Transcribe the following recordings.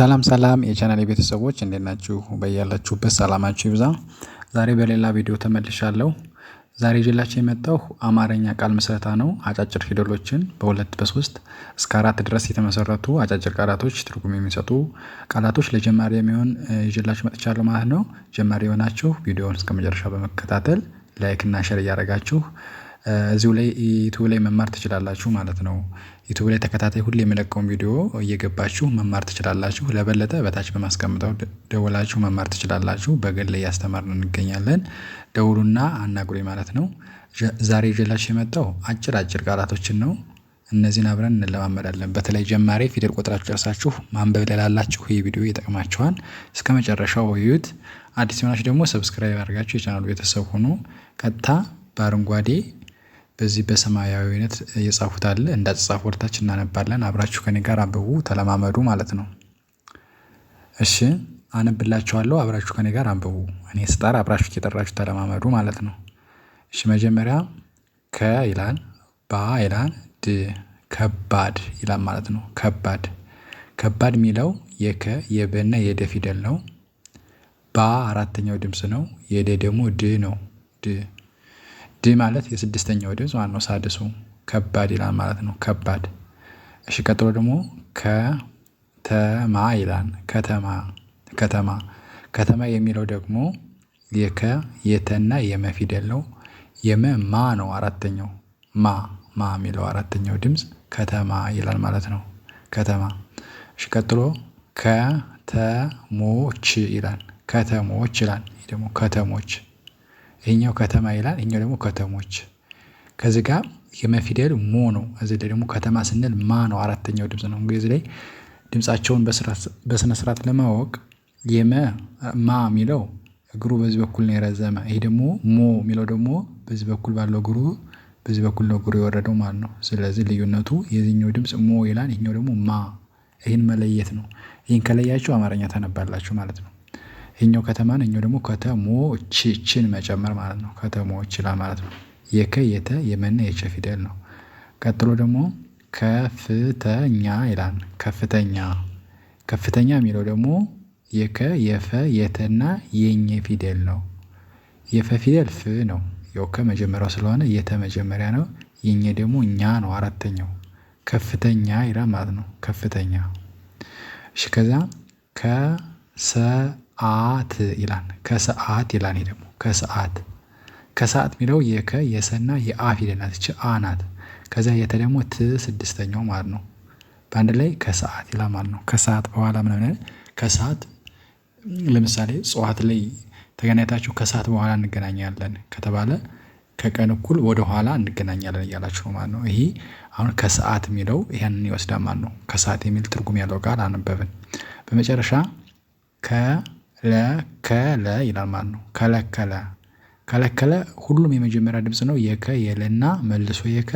ሰላም ሰላም የቻናል ቤተሰቦች እንዴት ናችሁ? በያላችሁበት ሰላማችሁ ይብዛ። ዛሬ በሌላ ቪዲዮ ተመልሻለሁ። ዛሬ ይዤላችሁ የመጣሁ አማርኛ ቃል ምስረታ ነው። አጫጭር ፊደሎችን በሁለት በሶስት እስከ አራት ድረስ የተመሰረቱ አጫጭር ቃላቶች ትርጉም የሚሰጡ ቃላቶች ለጀማሪ የሚሆን ይዤላችሁ መጥቻለሁ ማለት ነው። ጀማሪ የሆናችሁ ቪዲዮውን እስከ መጨረሻ በመከታተል ላይክ እና ሸር እያደረጋችሁ እዚሁ ላይ ዩቱብ ላይ መማር ትችላላችሁ ማለት ነው። ዩቱብ ላይ ተከታታይ ሁሌ የሚለቀውን ቪዲዮ እየገባችሁ መማር ትችላላችሁ ለበለጠ በታች በማስቀምጠው ደውላችሁ መማር ትችላላችሁ በግል እያስተማርን እንገኛለን። ደውሉና አናግሩኝ ማለት ነው። ዛሬ ይዤላችሁ የመጣው አጭር አጭር ቃላቶችን ነው። እነዚህን አብረን እንለማመዳለን በተለይ ጀማሪ ፊደል ቆጥራችሁ ጨርሳችሁ ማንበብ ላላችሁ ይህ ቪዲዮ ይጠቅማችኋል። እስከመጨረሻው ወዩት። አዲስ የሆናችሁ ደግሞ ሰብስክራይብ አድርጋችሁ የቻናሉ ቤተሰብ ሆኖ ቀጥታ በአረንጓዴ በዚህ በሰማያዊነት የጻፉት አለ እንደ አጻጻፍ እናነባለን አብራችሁ ከኔ ጋር አንብቡ ተለማመዱ ማለት ነው። እሺ አነብላችኋለሁ አብራችሁ ከኔ ጋር አንብቡ እኔ ስጣር አብራችሁ እየጠራችሁ ተለማመዱ ማለት ነው። እሺ መጀመሪያ ከ ይላል ባ ይላል ድ ከባድ ይላል ማለት ነው ከባድ ከባድ የሚለው የከ የበና የደ ፊደል ነው። ባ አራተኛው ድምፅ ነው የደ ደግሞ ድ ነው ድ ዲ ማለት የስድስተኛው ድምፅ ማለት ነው። ሳድሱ ከባድ ይላል ማለት ነው። ከባድ። እሺ፣ ቀጥሎ ደግሞ ከተማ ይላል። ከተማ ከተማ ከተማ የሚለው ደግሞ የከ የተና የመ ፊደል ነው። የመ ማ ነው አራተኛው ማ ማ የሚለው አራተኛው ድምፅ ከተማ ይላል ማለት ነው። ከተማ። እሺ ቀጥሎ ከተሞች ይላል። ከተሞች ይላል ደግሞ ከተሞች ይሄኛው ከተማ ይላል፣ ይሄኛው ደግሞ ከተሞች። ከዚህ ጋር የመፊደል ሞ ነው። እዚህ ደግሞ ከተማ ስንል ማ ነው፣ አራተኛው ድምፅ ነው። እንግዲህ ላይ ድምፃቸውን በስነ ስርዓት ለማወቅ የመ ማ የሚለው እግሩ በዚህ በኩል ነው የረዘመ። ይሄ ደግሞ ሞ የሚለው ደግሞ በዚህ በኩል ባለው እግሩ በዚህ በኩል ነው እግሩ የወረደው ማለት ነው። ስለዚህ ልዩነቱ የዚህኛው ድምፅ ሞ ይላል፣ ይሄኛው ደግሞ ማ። ይህን መለየት ነው። ይህን ከለያችሁ አማርኛ ተነባላችሁ ማለት ነው። ይሄኛው ከተማ እኛው ደግሞ ከተሞችችን መጨመር ማለት ነው። ከተሞች ይላል ማለት ነው። የከ የተ የመና የቸ ፊደል ነው። ቀጥሎ ደግሞ ከፍተኛ ይላል። ከፍተኛ ከፍተኛ የሚለው ደግሞ የከ የፈ የተና የኘ ፊደል ነው። የፈ ፊደል ፍ ነው። ያው መጀመሪያው ስለሆነ የተ መጀመሪያ ነው። የኘ ደግሞ እኛ ነው አራተኛው። ከፍተኛ ይላል ማለት ነው። ከፍተኛ እሺ ከዛ ከሰ ሰዓት ይላል ከሰዓት ይላል። ይሄ ደግሞ ከሰዓት ከሰዓት የሚለው የከ የሰና የአ ፊደላት ይች አ ናት። ከዚያ የተ ደግሞ ት ስድስተኛው ማለት ነው። በአንድ ላይ ከሰዓት ይላል ማለት ነው። ከሰዓት በኋላ ምናምን ከሰዓት ለምሳሌ ጽዋት ላይ ተገናኝታችሁ ከሰዓት በኋላ እንገናኛለን ከተባለ ከቀን እኩል ወደ ኋላ እንገናኛለን እያላችሁ ነው ማለት ነው። ይሄ አሁን ከሰዓት የሚለው ይህንን ይወስዳል ማለት ነው። ከሰዓት የሚል ትርጉም ያለው ቃል አነበብን። በመጨረሻ ከ ለከለ ይላል ማለት ነው። ከለከለ ከለከለ ሁሉም የመጀመሪያ ድምፅ ነው። የከ የለና መልሶ የከ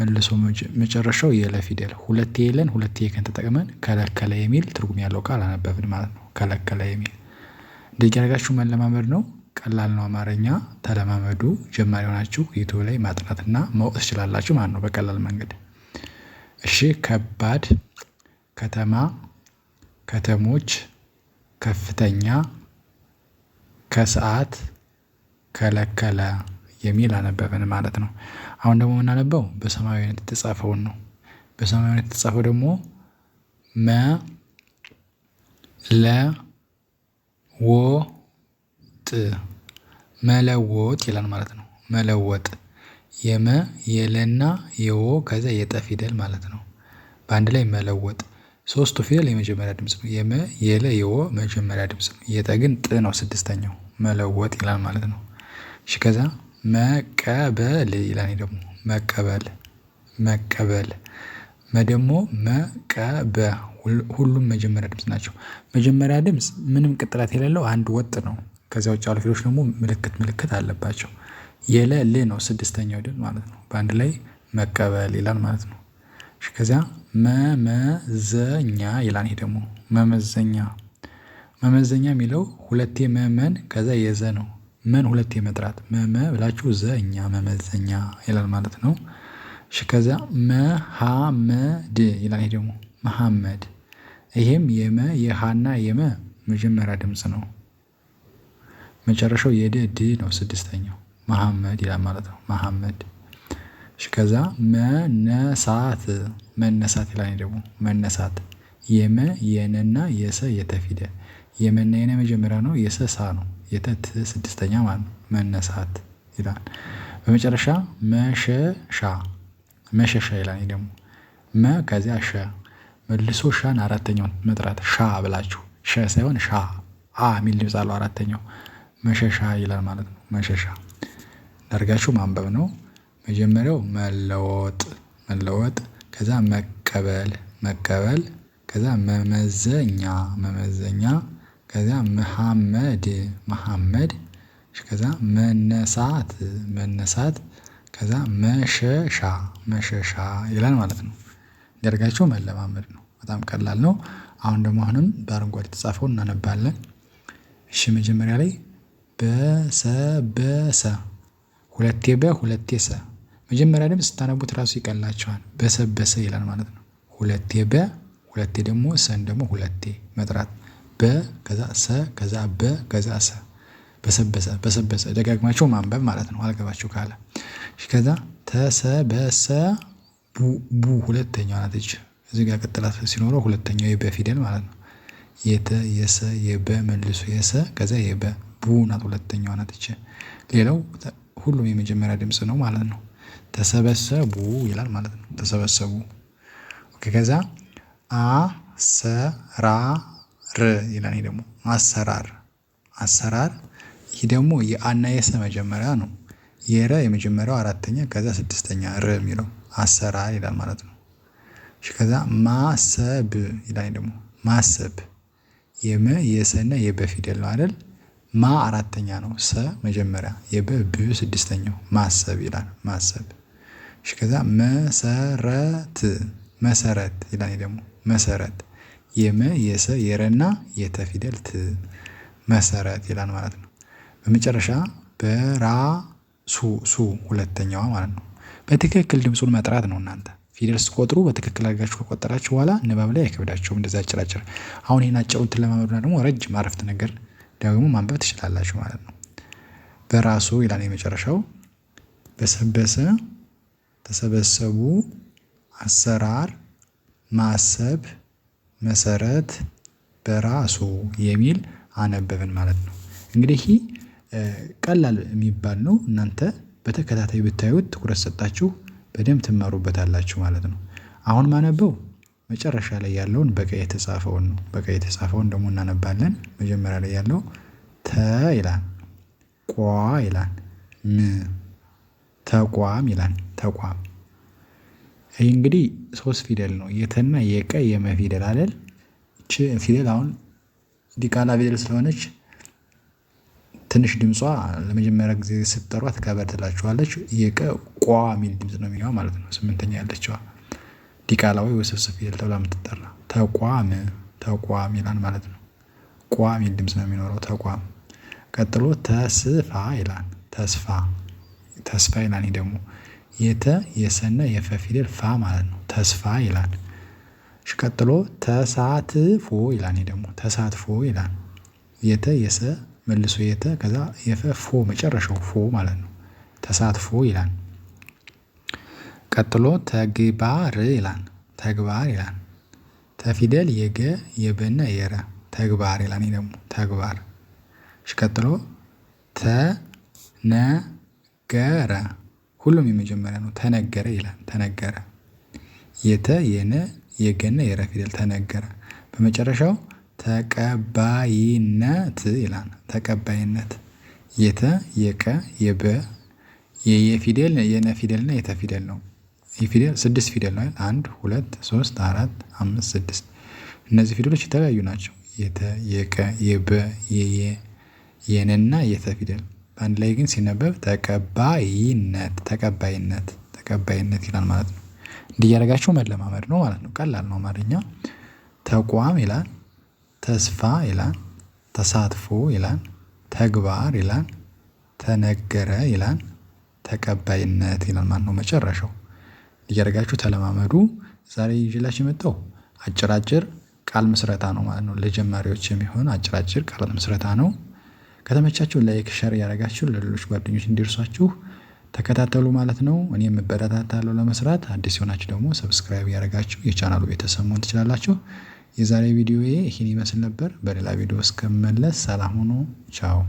መልሶ መጨረሻው የለ ፊደል ሁለት የለን ሁለት የከን ተጠቅመን ከለከለ የሚል ትርጉም ያለው ቃል አነበብን ማለት ነው። ከለከለ የሚል እንደዚህ እያደረጋችሁ መለማመድ ነው። ቀላል ነው። አማርኛ ተለማመዱ። ጀማሪ ሆናችሁ ዩቲዩብ ላይ ማጥናትና ማወቅ ትችላላችሁ ማለት ነው በቀላል መንገድ። እሺ ከባድ ከተማ ከተሞች ከፍተኛ ከሰዓት ከለከለ የሚል አነበብን ማለት ነው። አሁን ደግሞ የምናነበው በሰማያዊነት የተጻፈውን ነው። በሰማያዊነት የተጻፈው ደግሞ መ ለ ወ ጥ መለወጥ ይላል ማለት ነው። መለወጥ የመ የለና የወ ከዚያ የጠ ፊደል ማለት ነው። በአንድ ላይ መለወጥ ሶስቱ ፊደል የመጀመሪያ ድምጽ ነው። የመ የለ የወ መጀመሪያ ድምጽ ነው። የጠ ግን ጥ ነው። ስድስተኛው መለወጥ ይላል ማለት ነው። እሺ ከዛ መቀበል ይላል ደግሞ መቀበል መቀበል መደሞ መቀበ ሁሉም መጀመሪያ ድምፅ ናቸው። መጀመሪያ ድምፅ ምንም ቅጥላት የሌለው አንድ ወጥ ነው። ከዚያ ውጭ ያሉ ፊሎች ደግሞ ምልክት ምልክት አለባቸው። የለ ል ነው ስድስተኛው ድምፅ ማለት ነው። በአንድ ላይ መቀበል ይላል ማለት ነው። ከዚያ መመዘኛ ይላል ይሄ ደግሞ መመዘኛ መመዘኛ የሚለው ሁለቴ መመን ከዛ የዘ ነው መን ሁለቴ መጥራት መመ ብላችሁ ዘኛ መመዘኛ ይላል ማለት ነው። እሺ ከዛ መሐመድ ይላል ይሄ ደግሞ መሐመድ ይሄም የመ የሃና የመ መጀመሪያ ድምጽ ነው። መጨረሻው የደ ድ ነው ስድስተኛው መሐመድ ይላል ማለት ነው። መሐመድ ከዛ መነሳት መነሳት ይላል ደግሞ መነሳት የመ የነና የሰ የተፊደ ፊደል የመና የነ መጀመሪያ ነው የሰ ሳ ነው የተት ስድስተኛ ማለት ነው መነሳት ይላል። በመጨረሻ መሸሻ መሸሻ ይላል ደግሞ መ ከዚያ ሸ መልሶ ሻን አራተኛው መጥራት ሻ ብላችሁ ሸ ሳይሆን ሻ አ የሚል ድምጽ አለው አራተኛው መሸሻ ይላል ማለት ነው። መሸሻ ደርጋችሁ ማንበብ ነው መጀመሪያው መለወጥ መለወጥ ከዛ መቀበል መቀበል ከዛ መመዘኛ መመዘኛ ከዛ መሐመድ መሐመድ ከዛ መነሳት መነሳት ከዛ መሸሻ መሸሻ ይላል ማለት ነው። እንዲያደርጋቸው መለማመድ ነው በጣም ቀላል ነው። አሁን ደግሞ አሁንም በአረንጓዴ የተጻፈውን እናነባለን። እሺ መጀመሪያ ላይ በሰበሰ ሁለቴ በ ሁለቴ ሰ መጀመሪያ ድምፅ ስታነቡት ራሱ ይቀላቸዋል። በሰበሰ ይላል ማለት ነው። ሁለቴ በ ሁለቴ ደግሞ ሰን ደግሞ ሁለቴ መጥራት በ ከዛ ሰ ከዛ በ ከዛ ሰ በሰበሰ በሰበሰ ደጋግማቸው ማንበብ ማለት ነው። አልገባቸው ካለ ከዛ ተሰበሰ ቡ ሁለተኛው ናት እች እዚህ ጋር ቅጥላት ሲኖረው ሁለተኛው የበ ፊደል ማለት ነው። የተ የሰ የበ መልሶ የሰ ከዛ የበ ቡ ናት ሁለተኛዋ ናት እች። ሌላው ሁሉም የመጀመሪያ ድምፅ ነው ማለት ነው። ተሰበሰቡ ይላል ማለት ነው። ተሰበሰቡ ኦኬ። ከዛ አሰራር ይላል። ይሄ ደግሞ አሰራር አሰራር። ይህ ደግሞ የአና የሰ መጀመሪያ ነው። የረ የመጀመሪያው አራተኛ ከዛ ስድስተኛ ር የሚለው አሰራር ይላል ማለት ነው። እሺ ከዛ ማሰብ ይላል ደግሞ ማሰብ የመ የሰና የበፊደል ነው አይደል? ማ አራተኛ ነው። ሰ መጀመሪያ የበ ብ ስድስተኛው ማሰብ ይላል ማሰብ እሺ ከዛ መሰረት መሰረት ይላል ደግሞ መሰረት የመ የሰ የረና የተፊደል ት መሰረት ይላል ማለት ነው። በመጨረሻ በራ ሱ ሱ ሁለተኛዋ ማለት ነው። በትክክል ድምፁን መጥራት ነው። እናንተ ፊደል ስትቆጥሩ በትክክል አድርጋችሁ ከቆጠራችሁ በኋላ ንባብ ላይ አይከብዳችሁም። እንደዛ አጭራጭር አሁን ይህን አጭሩን ለማመዱና ደግሞ ረጅም አረፍተ ነገር ደግሞ ማንበብ ትችላላችሁ ማለት ነው። በራሱ ይላል የመጨረሻው በሰበሰ ተሰበሰቡ አሰራር ማሰብ መሰረት በራሱ የሚል አነበብን ማለት ነው። እንግዲህ ቀላል የሚባል ነው እናንተ በተከታታይ ብታዩት ትኩረት ሰጥታችሁ በደንብ ትመሩበታላችሁ ማለት ነው። አሁን ማነበው መጨረሻ ላይ ያለውን በቀይ የተጻፈውን ነው በቀይ የተጻፈውን ደግሞ እናነባለን መጀመሪያ ላይ ያለው ተ ይላል ቋ ይላል ም ተቋም ይላል ተቋም ይህ እንግዲህ ሶስት ፊደል ነው የተና የቀ የመ ፊደል አለል ፊደል አሁን ዲቃላ ፊደል ስለሆነች ትንሽ ድምጿ ለመጀመሪያ ጊዜ ስትጠሯት ከበድ ትላችኋለች። የቀ ቋ የሚል ድምጽ ነው የሚለው ማለት ነው። ስምንተኛ ያለችዋ ዲቃላ ወይ ውስብስብ ፊደል ተብላ የምትጠራ ተቋም ተቋም ይላል ማለት ነው። ቋ የሚል ድምጽ ነው የሚኖረው ተቋም። ቀጥሎ ተስፋ ይላል ተስፋ ተስፋ ይላል ደግሞ የተ የሰና የፈ ፊደል ፋ ማለት ነው ተስፋ ይላል። እሺ ቀጥሎ ተሳትፎ ይላል ደግሞ ተሳትፎ ይላል። የተ የሰ መልሶ የተ ከዛ የፈ ፎ መጨረሻው ፎ ማለት ነው ተሳትፎ ይላል። ቀጥሎ ተግባር ይላል ተግባር ይላል ተፊደል የገ የበና የረ ተግባር ይላል ይሄ ደግሞ ተግባር። እሺ ቀጥሎ ተነ። ተነገረ ሁሉም የመጀመሪያ ነው። ተነገረ ይላል። ተነገረ የተ የነ የገነ የረ ፊደል ተነገረ። በመጨረሻው ተቀባይነት ይላል። ተቀባይነት የተ የቀ የበ የየ ፊደል የነ ፊደልና የተ ፊደል ነው። ስድስት ፊደል ነው። አንድ ሁለት ሶስት አራት አምስት ስድስት እነዚህ ፊደሎች የተለያዩ ናቸው። የተ የቀ የበ የየ የነና የተ ፊደል በአንድ ላይ ግን ሲነበብ ተቀባይነት ተቀባይነት ተቀባይነት ይላል ማለት ነው። እንዲህ መለማመድ ነው ማለት ነው ቀላል ነው አማርኛ። ተቋም ይላል ተስፋ ይላል ተሳትፎ ይላል ተግባር ይላል ተነገረ ይላል ተቀባይነት ይላል ማለት ነው። መጨረሻው እያደረጋችሁ ተለማመዱ። ዛሬ ይዤላችሁ የመጣው አጭራጭር አጭር ቃል ምስረታ ነው ማለት ነው። ለጀማሪዎች የሚሆን አጭራጭር ቃል ምስረታ ነው ከተመቻችሁ ላይክ፣ ሸር ያደረጋችሁ ለሌሎች ጓደኞች እንዲርሷችሁ ተከታተሉ ማለት ነው። እኔ የምበረታታለው ለመስራት። አዲስ የሆናችሁ ደግሞ ሰብስክራይብ ያደረጋችሁ የቻናሉ ቤተሰብ ትችላላችሁ። የዛሬ ቪዲዮ ይህን ይመስል ነበር። በሌላ ቪዲዮ እስከመለስ ሰላም ሆኖ ቻው።